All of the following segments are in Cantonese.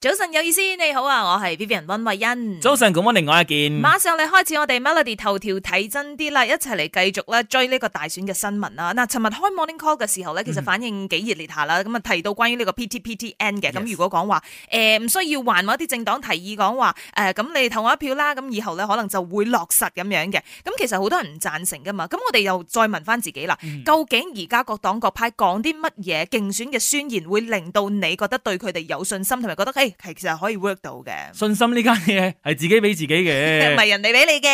早晨有意思，你好啊，我係 Vivian 溫慧欣。早晨講翻，另外一件，馬上你開始我哋 Melody 頭條睇真啲啦，一齊嚟繼續咧追呢個大選嘅新聞啦。嗱、啊，尋日開 Morning Call 嘅時候咧，嗯、其實反應幾熱烈下啦，咁、嗯、啊提到關於呢個 P T P T N 嘅，咁、嗯、如果講話誒唔、呃、需要還我一啲政黨提議講話誒，咁、呃、你投我一票啦，咁以後咧可能就會落實咁樣嘅。咁、嗯、其實好多人唔贊成噶嘛，咁我哋又再問翻自己啦，嗯、究竟而家各黨各派講啲乜嘢競選嘅宣言，會令到你覺得對佢哋有信心，同埋覺得其實係可以 work 到嘅信心，呢間嘢係自己俾自己嘅，唔係 人哋俾你嘅，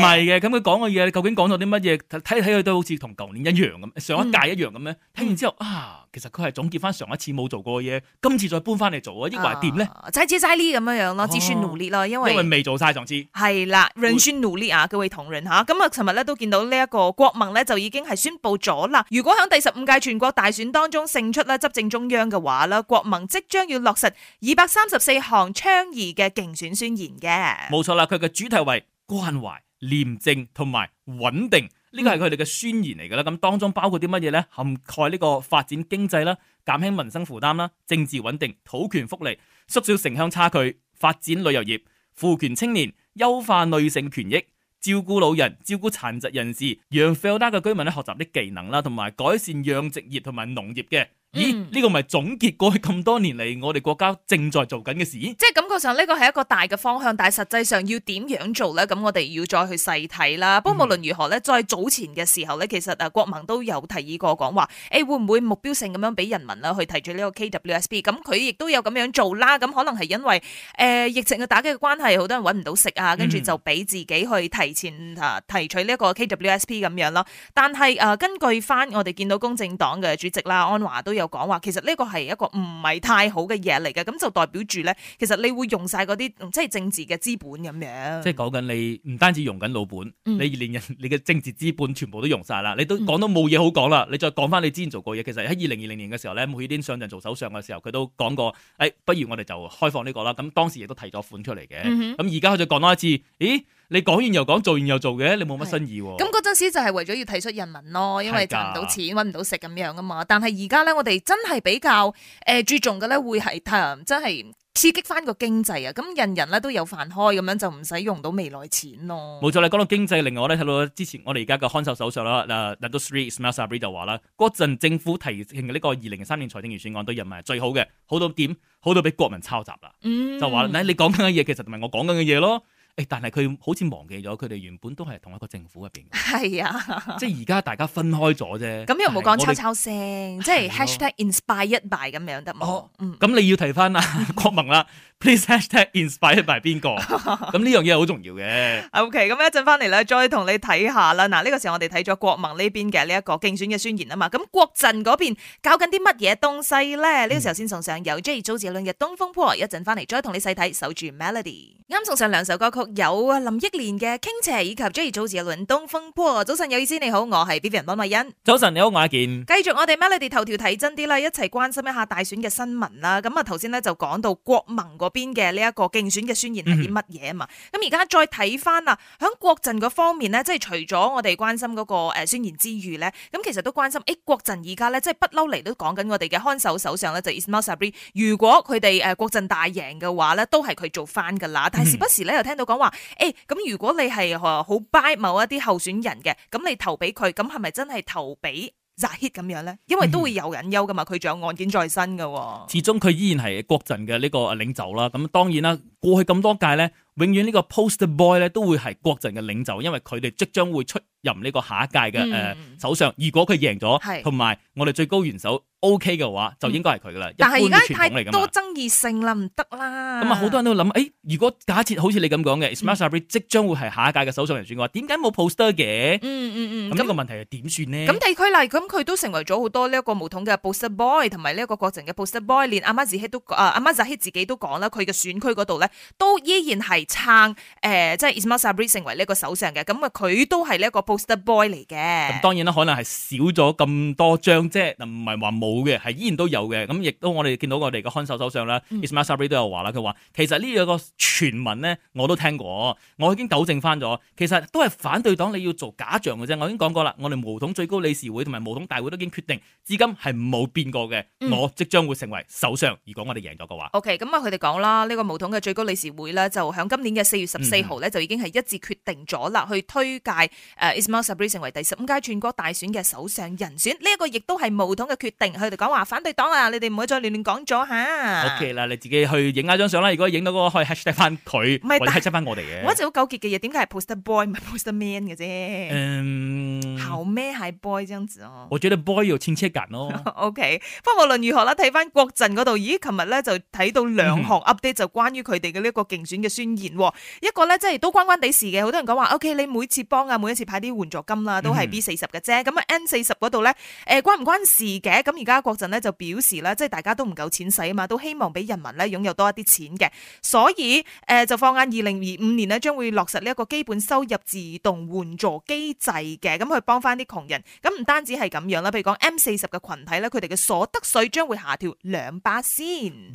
唔係嘅。咁佢講嘅嘢，你究竟講咗啲乜嘢？睇睇佢都好似同舊年一樣咁，上一屆一樣咁樣。聽、嗯、完之後啊，其實佢係總結翻上一次冇做過嘅嘢，今次再搬翻嚟做啊，抑或點咧？揸住揸呢咁樣樣咯，至少努力咯，因為因為未做晒上次。係啦，認真努力啊！各位同仁吓，咁啊，尋日咧都見到呢一個國盟咧就已經係宣布咗啦。如果響第十五屆全國大選當中勝出啦，執政中央嘅話啦，國盟即將要落實二百三十四項倡議嘅競選宣言嘅，冇錯啦。佢嘅主題為關懷、廉政同埋穩定，呢個係佢哋嘅宣言嚟噶啦。咁當中包括啲乜嘢呢？涵蓋呢個發展經濟啦、減輕民生負擔啦、政治穩定、土權福利、縮小城鄉差距、發展旅遊業、賦權青年、優化女性權益、照顧老人、照顧殘疾人士、讓費爾德嘅居民咧學習啲技能啦，同埋改善養殖業同埋農業嘅。咦？呢、這個咪總結過去咁多年嚟，我哋國家正在做緊嘅事？即係感覺上呢個係一個大嘅方向，但係實際上要點樣做呢？咁我哋要再去細睇啦。不過無論如何呢，嗯、在早前嘅時候呢，其實誒國盟都有提議過講話，誒、欸、會唔會目標性咁樣俾人民啦去提取呢個 KWSP？咁佢亦都有咁樣做啦。咁可能係因為誒、呃、疫情嘅打擊嘅關係，好多人揾唔到食啊，跟住就俾自己去提前啊提取呢一個 KWSP 咁樣咯。但係誒、呃、根據翻我哋見到公正黨嘅主席啦安華都，又講話，其實呢個係一個唔係太好嘅嘢嚟嘅，咁就代表住咧，其實你會用晒嗰啲，即係政治嘅資本咁樣。即係講緊你唔單止用緊老本，嗯、你連人你嘅政治資本全部都用晒啦，你都講到冇嘢好講啦，你再講翻你之前做過嘢，其實喺二零二零年嘅時候咧，每天上陣做首相嘅時候，佢都講過，誒、哎，不如我哋就開放呢個啦，咁當時亦都提咗款出嚟嘅，咁而家佢再講多一次，咦？你講完又講，做完又做嘅，你冇乜新意喎，啊。咁嗰陣時就係為咗要提出人民咯，因為賺唔到錢，搵唔到食咁樣啊嘛。但係而家咧，我哋真係比較誒注重嘅咧，會係誒真係刺激翻個經濟啊。咁人人咧都有飯開，咁樣就唔使用，用到未來錢咯。冇錯啦，講到經濟，另外咧睇到之前我哋而家嘅看守首相啦，納納多斯瑞斯馬薩布瑞就話啦，嗰陣政府提呈嘅呢個二零三年財政預算案對人民係最好嘅，好到點，好到俾國民抄襲啦。嗯、就話嗱，你講緊嘅嘢其實同埋我講緊嘅嘢咯。誒、哎，但係佢好似忘記咗，佢哋原本都係同一個政府入邊。係啊，即係而家大家分開咗啫。咁又冇講抽抽聲，啊、即係 hashtag inspired by 咁樣得冇？哦、嗯，咁你要提翻啊，國盟啦。Please hashtag inspired by 邊個？咁呢 樣嘢好重要嘅。O K，咁一陣翻嚟咧，再同你睇下啦。嗱、啊，呢、這個時候我哋睇咗國盟呢邊嘅呢一個競選嘅宣言啊嘛。咁國陣嗰邊搞緊啲乜嘢東西咧？呢、嗯、個時候先送上由 Jay 周杰倫嘅《東風破》，一陣翻嚟再同你細睇守住 Melody。啱送上兩首歌曲，有林憶蓮嘅《傾斜》，以及 Jay 周杰倫《東風破》。早晨有意思，你好，我係 Vivian 溫美欣。早晨你好，我阿健。繼續我哋 Melody 頭條睇真啲啦，一齊關心一下大選嘅新聞啦。咁啊，頭先咧就講到國盟邊嘅呢一個競選嘅宣言係啲乜嘢啊嘛？咁而家再睇翻啊，響國陣嗰方面咧，即係除咗我哋關心嗰個誒宣言之餘咧，咁其實都關心誒國陣而家咧，即係不嬲嚟都講緊我哋嘅看守手上咧就是，Ismail Sabri，如果佢哋誒國陣大贏嘅話咧，都係佢做翻噶啦。但係時不時咧又聽到講話誒，咁、欸、如果你係好 buy 某一啲候選人嘅，咁你投俾佢，咁係咪真係投俾？Zahid 咁樣咧，因為都會有隱憂噶嘛，佢仲有案件在身噶，啊。始終佢依然係國陣嘅呢個誒領袖啦。咁當然啦，過去咁多屆咧，永遠呢個 poster boy 咧都會係國陣嘅領袖，因為佢哋即將會出任呢個下一屆嘅誒首相。如果佢贏咗，同埋是我哋最高元首。O.K. 嘅話就應該係佢噶啦，一般嘅傳媒嚟噶嘛。但係而家太多爭議性啦，唔得啦。咁啊，好多人都諗，誒，如果假設好似你咁講嘅，Ismail Sabri 即將會係下一屆嘅首相人選嘅話，點解冇 poster 嘅？嗯嗯嗯。咁個問題係點算呢？咁地區嚟，咁佢都成為咗好多呢一個巫統嘅 poster boy，同埋呢一個國陣嘅 poster boy。連阿馬茲希都，阿馬茲希自己都講啦，佢嘅選區嗰度咧，都依然係撐誒，即係 Ismail Sabri 成為呢個首相嘅。咁啊，佢都係呢一個 poster boy 嚟嘅。當然啦，可能係少咗咁多張啫，但唔係話冇。冇嘅，係依然都有嘅。咁亦都我哋見到我哋嘅看守首相啦，Ismael Sabri 都有話啦。佢話其實呢一個傳聞咧，我都聽過，我已經糾正翻咗其實都係反對黨你要做假象嘅啫。我已經講過啦，我哋毛統最高理事會同埋毛統大會都已經決定，至今係冇變過嘅。我即將會成為首相，如果我哋贏咗嘅話。O.K. 咁啊，佢哋講啦，呢個毛統嘅最高理事會咧，就響今年嘅四月十四號咧，就已經係一致決定咗啦，去推介誒 Ismael Sabri 成為第十五屆全國大選嘅首相人選。呢一個亦都係毛統嘅決定。佢哋講話反對黨啊！你哋唔好再亂亂講咗吓。OK 啦，你自己去影下張相啦。如果影到嗰個可以 hashtag 翻佢，是或者 hashtag 翻我哋嘅。我一直好糾結嘅嘢，點解係 poster boy 唔係 poster man 嘅啫？嗯，後咩係 boy？咁樣子哦。我覺得 boy 有親切感哦。 OK，不論如何啦，睇翻國陣嗰度，咦？琴日咧就睇到兩項 update，就關於佢哋嘅呢一個競選嘅宣言。嗯、哼一個咧即係都關關啲事嘅，好多人講話 OK，你每次幫啊，每一次派啲援助金啦、啊，都係 B 四十嘅啫。咁啊、嗯、哼 N 四十嗰度咧，誒、呃、關唔關事嘅？咁而家國陣咧就表示咧，即係大家都唔夠錢使啊嘛，都希望俾人民咧擁有多一啲錢嘅，所以誒、呃、就放眼二零二五年呢，將會落實呢一個基本收入自動援助機制嘅，咁去幫翻啲窮人。咁唔單止係咁樣啦，譬如講 M 四十嘅群體咧，佢哋嘅所得稅將會下調兩巴仙。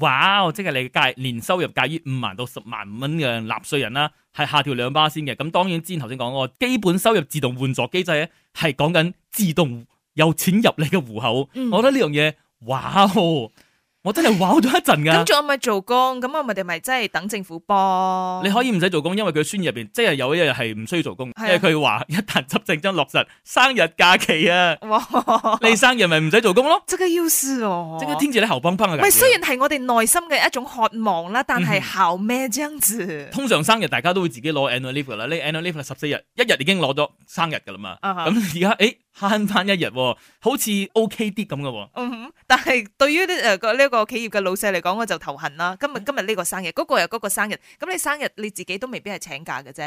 哇！Wow, 即係你嘅年收入介於五萬到十萬蚊嘅納稅人啦，係下調兩巴仙嘅。咁當然之前頭先講個基本收入自動援助機制咧，係講緊自動。有錢入你嘅戶口，嗯、我覺得呢樣嘢，哇、哦！我真係玩咗一陣噶、啊，咁仲咪做工？咁我咪哋咪真係等政府幫？你可以唔使做工，因為佢宣言入邊即係有一日係唔需要做工，啊、因為佢話一旦執政將落實生日假期啊，哇你生日咪唔使做工咯？即刻要試哦！即刻天字你喉崩崩噶！咪雖然係我哋內心嘅一種渴望啦，但係效咩章子、嗯？通常生日大家都會自己攞 annual leave 啦，你 annual leave 十四日，一日已經攞咗生日噶啦嘛。咁而家誒慳翻一日、啊，好似 OK 啲咁噶。嗯哼，但係對於呢誒個呢？個企業嘅老細嚟講，我就頭痕啦。今日今日呢個生日，嗰、嗯、個又嗰個生日。咁你生日你自己都未必係請假嘅啫。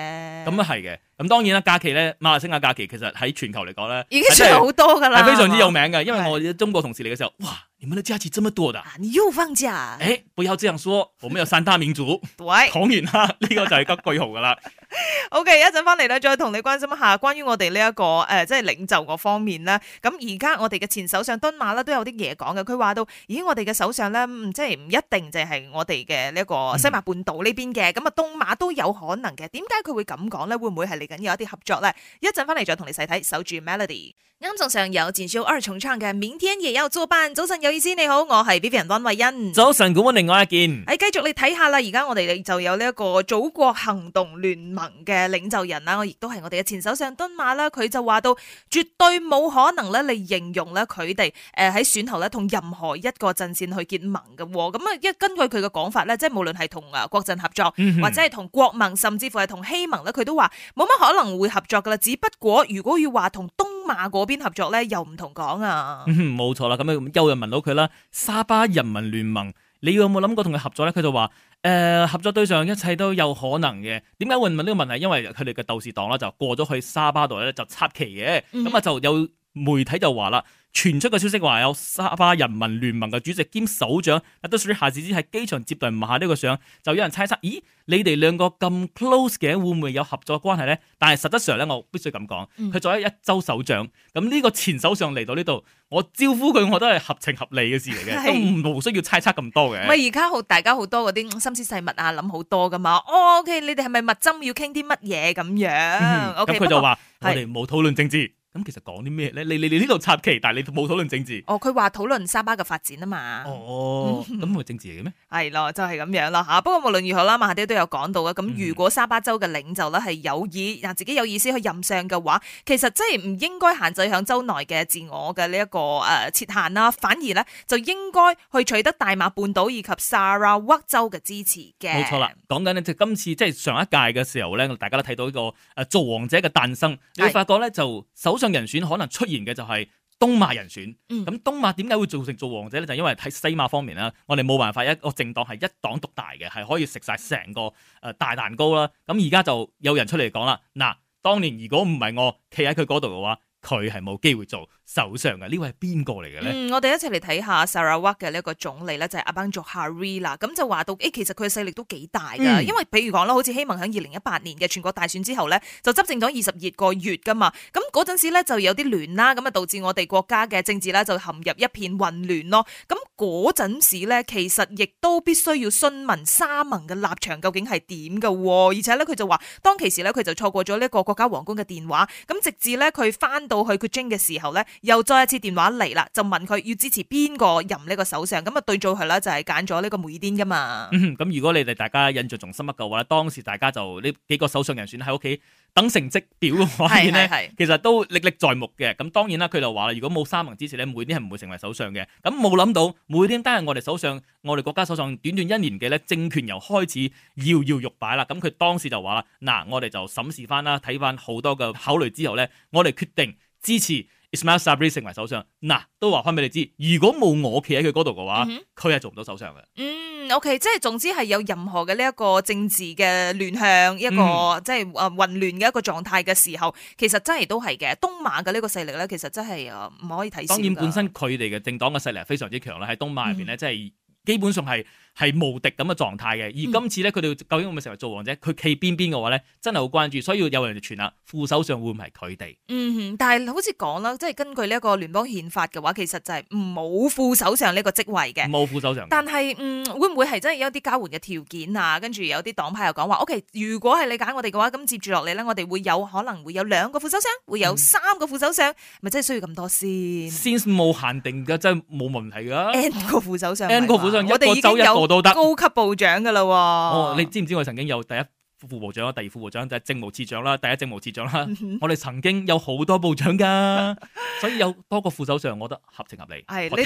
咁啊係嘅。咁、嗯、當然啦，假期咧，馬來西亞假期其實喺全球嚟講咧，已經算好多噶啦，係非常之有名嘅。的因為我哋的中國同事嚟嘅時候，哇，你們啲假期這麼多噶，你又放假？誒、欸，不要這樣說，我們有三大民族。喂 對，講完啦，呢、這個就係一個句號噶啦。 O.K. 一陣翻嚟啦，再同你關心一下關於我哋呢一個誒、呃，即係領袖個方面啦。咁而家我哋嘅前首相敦馬啦都有啲嘢講嘅，佢話到，咦，我哋嘅首相咧，即係唔一定就係我哋嘅呢一個西馬半島呢邊嘅，咁啊、嗯、東馬都有可能嘅。點解佢會咁講咧？會唔會係嚟緊有一啲合作咧？一陣翻嚟再同你細睇守住 Melody。啱上上有燃燒二重唱嘅，明天夜有做班。早晨有意思你好，我係 Vivian 温慧欣。早晨，講另外一件。誒、哎，繼續你睇下啦，而家我哋就有呢一個祖國行動聯盟。嘅領袖人啦，我亦都係我哋嘅前首相敦馬啦，佢就話到絕對冇可能咧，嚟形容咧佢哋，誒喺選後咧同任何一個陣線去結盟嘅。咁啊，一根據佢嘅講法咧，即係無論係同啊國陣合作，或者係同國盟，甚至乎係同希盟咧，佢都話冇乜可能會合作噶啦。只不過如果要話同東馬嗰邊合作咧，又唔同講啊。冇錯啦，咁又有人問到佢啦，沙巴人民聯盟，你有冇諗過同佢合作咧？佢就話。誒、呃、合作對象一切都有可能嘅，點解會問呢個問題？因為佢哋嘅鬥士黨啦，就過咗去沙巴度咧，就插旗嘅，咁、hmm. 啊就有媒體就話啦。傳出嘅消息話有沙巴人民聯盟嘅主席兼首長，啊，都屬於夏子之喺機場接待，問下呢個相，就有人猜測，咦，你哋兩個咁 close 嘅，會唔會有合作關係咧？但係實質上咧，我必須咁講，佢做咗一州首長，咁呢、嗯、個前首相嚟到呢度，我招呼佢，我都係合情合理嘅事嚟嘅，的都唔需要猜測咁多嘅。唔係而家好，大家好多嗰啲心思細密啊，諗好多噶嘛。哦 OK，你哋係咪密針要傾啲乜嘢咁樣？咁佢、嗯、Okay, 就話過我哋冇討論政治。咁其實講啲咩咧？你你你呢度插旗，但係你冇討論政治。哦，佢話討論沙巴嘅發展啊嘛。哦，咁係政治嘅咩？係咯， 就係、是、咁樣咯嚇。不過無論如何啦，馬哈迪都有講到嘅。咁如果沙巴州嘅領袖咧，係有意，嗱，自己有意思去任相嘅話，其實即係唔應該限制響州內嘅自我嘅呢一個誒設限啦。反而咧，就應該去取得大馬半島以及砂拉越州嘅支持嘅。冇錯啦，講緊呢，就今次即係上一屆嘅時候咧，大家都睇到呢個誒做王者嘅誕生。你會發覺咧，就首人選可能出現嘅就係東馬人選，咁、嗯、東馬點解會做成做王者咧？就係、因為喺西馬方面啦，我哋冇辦法一個政黨係一黨獨大嘅，係可以食晒成個誒大蛋糕啦。咁而家就有人出嚟講啦，嗱，當年如果唔係我企喺佢嗰度嘅話。佢係冇機會做首相嘅，呢位係邊個嚟嘅咧？嗯，我哋一齊嚟睇下 Sarawak 嘅呢一個總理咧，就係 Abang Johari 啦。咁就話到，誒、欸、其實佢嘅勢力都幾大嘅，嗯、因為譬如講啦，好似希盟喺二零一八年嘅全國大選之後咧，就執政咗二十二個月噶嘛。咁嗰陣時咧就有啲亂啦，咁啊導致我哋國家嘅政治咧就陷入一片混亂咯。咁嗰陣時咧，其實亦都必須要詢問沙文嘅立場究竟係點噶而且咧，佢就話當其時咧，佢就錯過咗呢一個國家皇宮嘅電話，咁直至咧，佢翻到去佢 j 嘅時候咧，又再一次電話嚟啦，就問佢要支持邊個任呢個首相，咁啊對住佢咧就係揀咗呢個梅爾丁噶嘛，咁、嗯、如果你哋大家印象仲深刻嘅話，當時大家就呢幾個首相人選喺屋企。等成績表嘅話咧， 其實都歷歷在目嘅。咁當然啦，佢就話啦，如果冇三盟支持咧，每年係唔會成為首相嘅。咁冇諗到，每天都係我哋首相，我哋國家首相短短一年嘅咧政權，又開始搖搖欲擺啦。咁佢當時就話啦，嗱，我哋就審視翻啦，睇翻好多嘅考慮之後咧，我哋決定支持。Ismail Sabri 成為首相嗱，都話翻俾你知，如果冇我企喺佢嗰度嘅話，佢係、嗯、哼做唔到首相嘅。嗯，OK，即係總之係有任何嘅呢一個政治嘅亂向，嗯、一個即係啊混亂嘅一個狀態嘅時候，其實真係都係嘅。東馬嘅呢個勢力咧，其實真係啊唔可以睇消。當然，本身佢哋嘅政黨嘅勢力係非常之強啦，喺東馬入邊咧，嗯、即係基本上係。係無敵咁嘅狀態嘅，而今次咧，佢哋究竟會唔會成為造王者？佢企邊邊嘅話咧，真係好關注，所以有人就傳啦，副首相會唔係佢哋？嗯，但係好似講啦，即係根據呢一個聯邦憲法嘅話，其實就係冇副首相呢個職位嘅，冇副首相，但係嗯，會唔會係真係有啲交換嘅條件啊？跟住有啲黨派又講話，OK，如果係你揀我哋嘅話，咁接住落嚟咧，我哋會有可能會有兩個副首相，會有三個副首相，咪真係需要咁多先？先冇限定噶，真係冇問題噶、啊。N 個副首相，N 個副首相，我哋已經有。都高級部長嘅啦，哦哦，你知唔知我曾經有第一副部長啊，第二副部長就係政務次長啦，第一政務次長啦。 我哋曾經有好多部長噶，所以有多個副首相，我覺得合情合理你。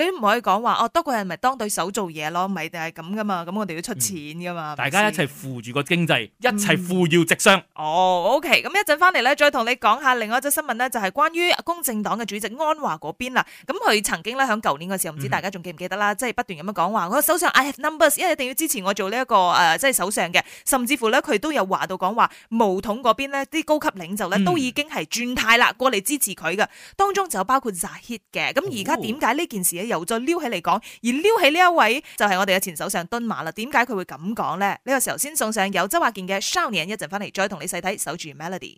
你你唔可以講話哦，多個人咪當對手做嘢咯，咪就係咁噶嘛。咁我哋要出錢噶嘛、嗯，大家一齊扶住個經濟，一齊扶搖直上、嗯。哦、oh，OK，咁一陣翻嚟咧，再同你講下另外一則新聞咧，就係關於公正黨嘅主席安華嗰邊啦。咁佢曾經咧喺舊年嘅時候，唔知大家仲記唔記得啦、嗯？即係不斷咁樣講話，我手上，I have numbers，因為一定要支持我做呢、這、一個誒，即係首相嘅，甚至乎咧。佢都有話到講話，毛統嗰邊呢啲高級領袖咧都已經係轉態啦，過嚟支持佢噶。當中就有包括扎 hit、ah、嘅。咁而家點解呢件事又再撩起嚟講？而撩起呢一位就係我哋嘅前首相敦馬啦。點解佢會咁講咧？呢個時候先送上有周華健嘅《少年》一陣翻嚟再同你細睇守住 Melody。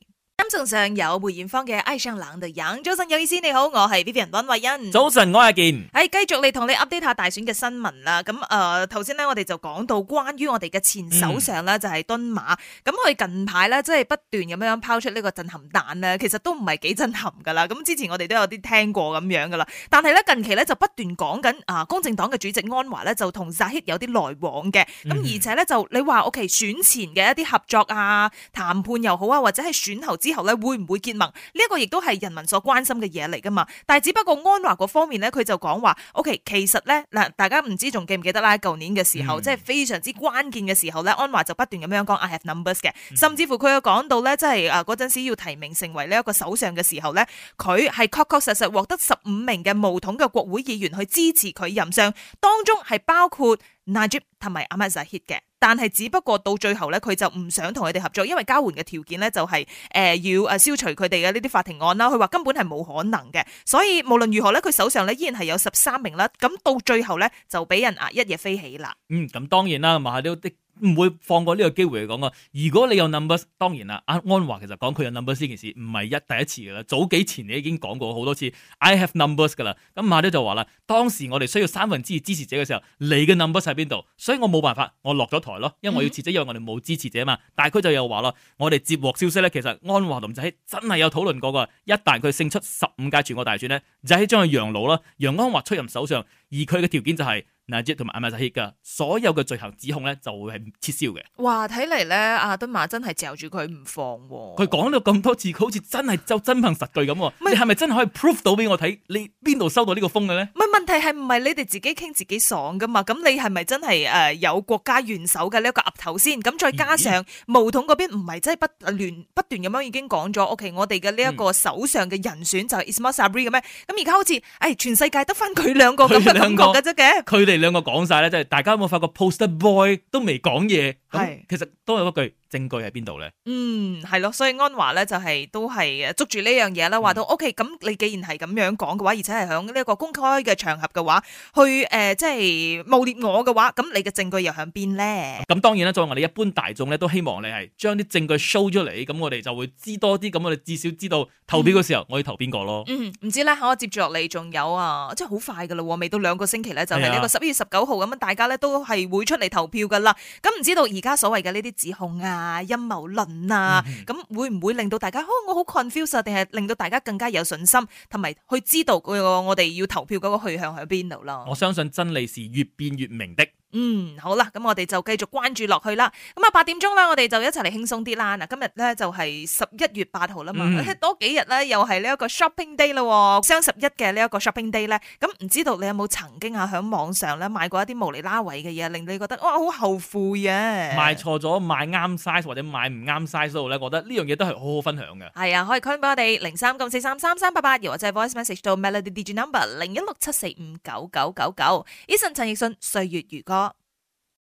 心情上有梅艷芳嘅《愛上冷的人》。早晨，有意思，你好，我係 Vivian 溫慧欣。早晨，我係阿健。係繼、哎、續嚟同你 update 下大選嘅新聞啦。咁誒，頭先咧我哋就講到關於我哋嘅前首相咧就係、是、敦馬。咁、嗯、我哋近排咧即係不斷咁樣拋出呢個震撼彈咧，其實都唔係幾震撼噶啦。咁之前我哋都有啲聽過咁樣噶啦。但係咧近期咧就不斷講緊啊，公正黨嘅主席安華咧就同扎希有啲來往嘅。咁、嗯、而且咧就你話 OK，選前嘅一啲合作啊、談判又好啊，或者係選後之。之後咧會唔會結盟？呢、這、一個亦都係人民所關心嘅嘢嚟噶嘛。但係只不過安華嗰方面咧，佢就講話，OK，其實咧嗱，大家唔知仲記唔記得啦？舊年嘅時候，嗯、即係非常之關鍵嘅時候咧，安華就不斷咁樣講，I have numbers 嘅。甚至乎佢又講到咧，即係誒嗰陣時要提名成為呢一個首相嘅時候咧，佢係確確實實獲得十五名嘅巫統嘅國會議員去支持佢任上，當中係包括 Najib 同埋阿末扎希嘅。但係，只不過到最後咧，佢就唔想同佢哋合作，因為交換嘅條件咧就係、是，誒、呃，要誒消除佢哋嘅呢啲法庭案啦。佢話根本係冇可能嘅，所以無論如何咧，佢手上咧依然係有十三名啦。咁到最後咧，就俾人啊一夜飛起啦、嗯。嗯，咁當然啦，馬係都唔會放過呢個機會去講噶。如果你有 numbers，當然啦。阿安華其實講佢有 numbers 呢件事唔係一第一次噶啦。早幾前你已經講過好多次，I have numbers 噶啦。咁馬德就話啦，當時我哋需要三分之二支持者嘅時候，你嘅 numbers 喺邊度？所以我冇辦法，我落咗台咯，因為我要辭職，因為我哋冇支持者嘛。但係佢就又話咯，我哋接獲消息咧，其實安華同仔真係有討論過噶。一旦佢勝出十五屆全國大選咧，仔將去養老啦，讓安華出任首相，而佢嘅條件就係、是。嗱，即係同埋阿馬薩希噶，所有嘅罪行指控咧，就會係撤銷嘅。哇，睇嚟咧，阿敦馬真係嚼住佢唔放。佢講咗咁多次，佢好似真係就真憑實據咁。你係咪真係可以 prove 到俾我睇？你邊度收到呢個風嘅咧？唔係問題係唔係你哋自己傾自己爽噶嘛？咁你係咪真係誒有國家元首嘅呢一個岌頭先？咁再加上毛統嗰邊唔係真係不亂不斷咁樣已經講咗。O K，我哋嘅呢一個首相嘅人選就係 Ismail Sabri 嘅咩？咁而家好似誒全世界得翻佢兩個咁嘅感覺嘅啫嘅，佢哋。 你兩個講晒咧，即係大家有冇發覺？Poster Boy 都未講嘢，咁其實都係嗰句。證據喺邊度咧？嗯，係咯，所以安華咧就係、是、都係捉住呢樣嘢啦。話到，O K，咁你既然係咁樣講嘅話，而且係喺呢一個公開嘅場合嘅話，去誒、呃、即係誣蔑我嘅話，咁你嘅證據又喺邊咧？咁當然啦，作為我哋一般大眾咧，都希望你係將啲證據 show 出嚟，咁我哋就會知多啲，咁我哋至少知道投票嘅時候我要投邊個咯。嗯，唔、嗯、知咧，吓我接住落嚟仲有啊，即係好快噶啦，未到兩個星期咧，就係呢個十一月十九號咁樣，大家咧都係會出嚟投票噶啦。咁、嗯、唔、嗯、知道而家、嗯、道所謂嘅呢啲指控啊？啊，陰謀論啊，咁、嗯、哼會唔會令到大家，哦、我好 confused，定係令到大家更加有信心，同埋去知道嗰我哋要投票嗰個去向喺邊度咯？我相信真理是越變越明的。嗯，好啦，咁我哋就繼續關注落去啦。咁啊，八點鐘啦，我哋就一齊嚟輕鬆啲啦。嗱，今日咧就係十一月八號啦嘛，多幾日咧又係呢一個 shopping day 啦，雙十一嘅呢一個 shopping day 咧。咁唔知道你有冇曾經啊喺網上咧買過一啲無釐拉位嘅嘢，令你覺得哇好後悔嘅，買錯咗，買啱 size 或者買唔啱 size 都咧，覺得呢樣嘢都係好好分享嘅。係啊，可以 call 俾我哋零三九四三三三八八，又或者 voice message 到 Melody Digi Number 零一六七四五九九九九。Eason 陳奕迅《歲月如歌》。